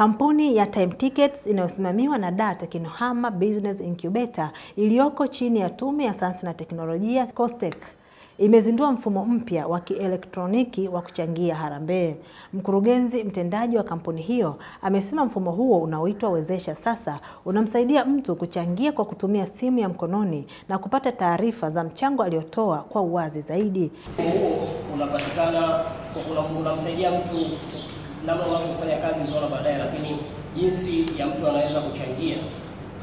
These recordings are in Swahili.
Kampuni ya Time Tickets inayosimamiwa na Dar Tekinohama Business Incubator iliyoko chini ya Tume ya Sayansi na Teknolojia COSTECH imezindua mfumo mpya wa kielektroniki wa kuchangia harambee. Mkurugenzi mtendaji wa kampuni hiyo amesema mfumo huo unaoitwa Wezesha Sasa unamsaidia mtu kuchangia kwa kutumia simu ya mkononi na kupata taarifa za mchango aliotoa kwa uwazi zaidi. Unapatikana unamsaidia mtu namna unavyofanya kazi utaona baadaye, lakini jinsi ya mtu anaweza kuchangia,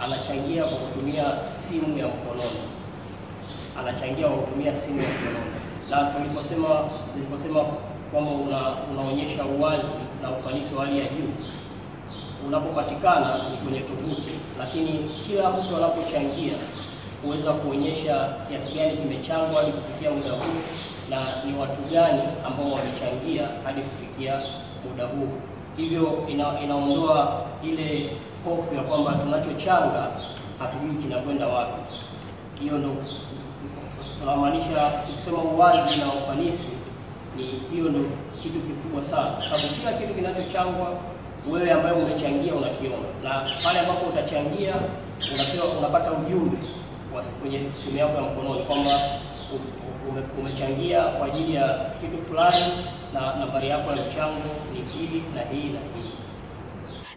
anachangia kwa kutumia simu ya mkononi, anachangia kwa kutumia simu ya mkononi. Na tuliposema tuliposema kwamba una, unaonyesha uwazi na ufanisi wa hali ya juu unapopatikana ni kwenye tovuti, lakini kila mtu anapochangia kuweza kuonyesha kiasi gani kimechangwa hadi kufikia muda huu na ni watu gani ambao wamechangia hadi kufikia muda huu. Hivyo ina, inaondoa ile hofu ya kwamba tunachochanga hatujui kinakwenda wapi. Hiyo ndo tunamaanisha, tukisema uwazi na ufanisi, ni hiyo ndo kitu kikubwa sana, sababu kila kitu kinachochangwa wewe ambaye umechangia unakiona, na pale ambapo utachangia unapewa, unapata ujumbe kwenye simu yako ya mkononi kwamba umechangia kwa ajili ya kitu fulani na nambari yako ya mchango ni hili na hii na hii.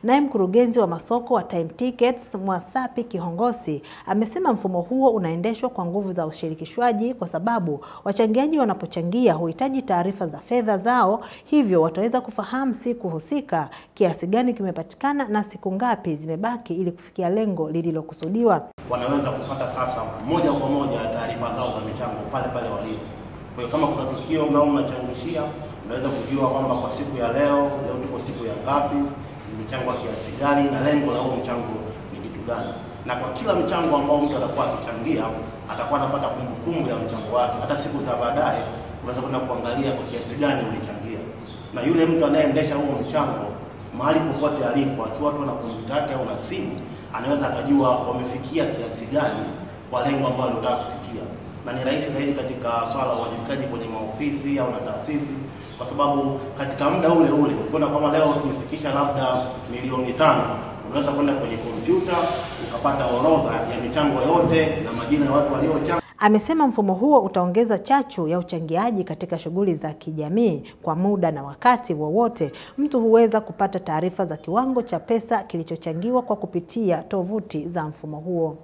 Naye mkurugenzi wa masoko wa Time Tickets Mwasapi Kihongosi amesema mfumo huo unaendeshwa kwa nguvu za ushirikishwaji, kwa sababu wachangiaji wanapochangia huhitaji taarifa za fedha zao, hivyo wataweza kufahamu siku husika kiasi gani kimepatikana na siku ngapi zimebaki ili kufikia lengo lililokusudiwa wanaweza kupata sasa moja kwa moja taarifa zao za michango pale pale walipo. Kwa hiyo kama kuna tukio ambalo mnachangishia, unaweza kujua kwamba kwa siku ya leo, leo tuko siku ya ngapi, ni michango kiasi gani, na lengo la huo mchango ni kitu gani. Na kwa kila mchango ambao mtu atakuwa akichangia, atakuwa anapata kumbukumbu ya mchango wake. Hata siku za baadaye unaweza kwenda kuangalia kwa kiasi gani ulichangia, na yule mtu anayeendesha huo mchango mahali popote alipo, akiwa tu na kompyuta yake au na simu anaweza akajua wamefikia kiasi gani kwa lengo ambalo nataka kufikia, na ni rahisi zaidi katika swala la uwajibikaji kwenye maofisi au na taasisi, kwa sababu katika muda ule ule ukiona kama leo tumefikisha labda milioni tano, unaweza kwenda kwenye kompyuta ukapata orodha ya michango yote na majina ya watu waliochangia. Amesema mfumo huo utaongeza chachu ya uchangiaji katika shughuli za kijamii. Kwa muda na wakati wowote wa mtu huweza kupata taarifa za kiwango cha pesa kilichochangiwa kwa kupitia tovuti za mfumo huo.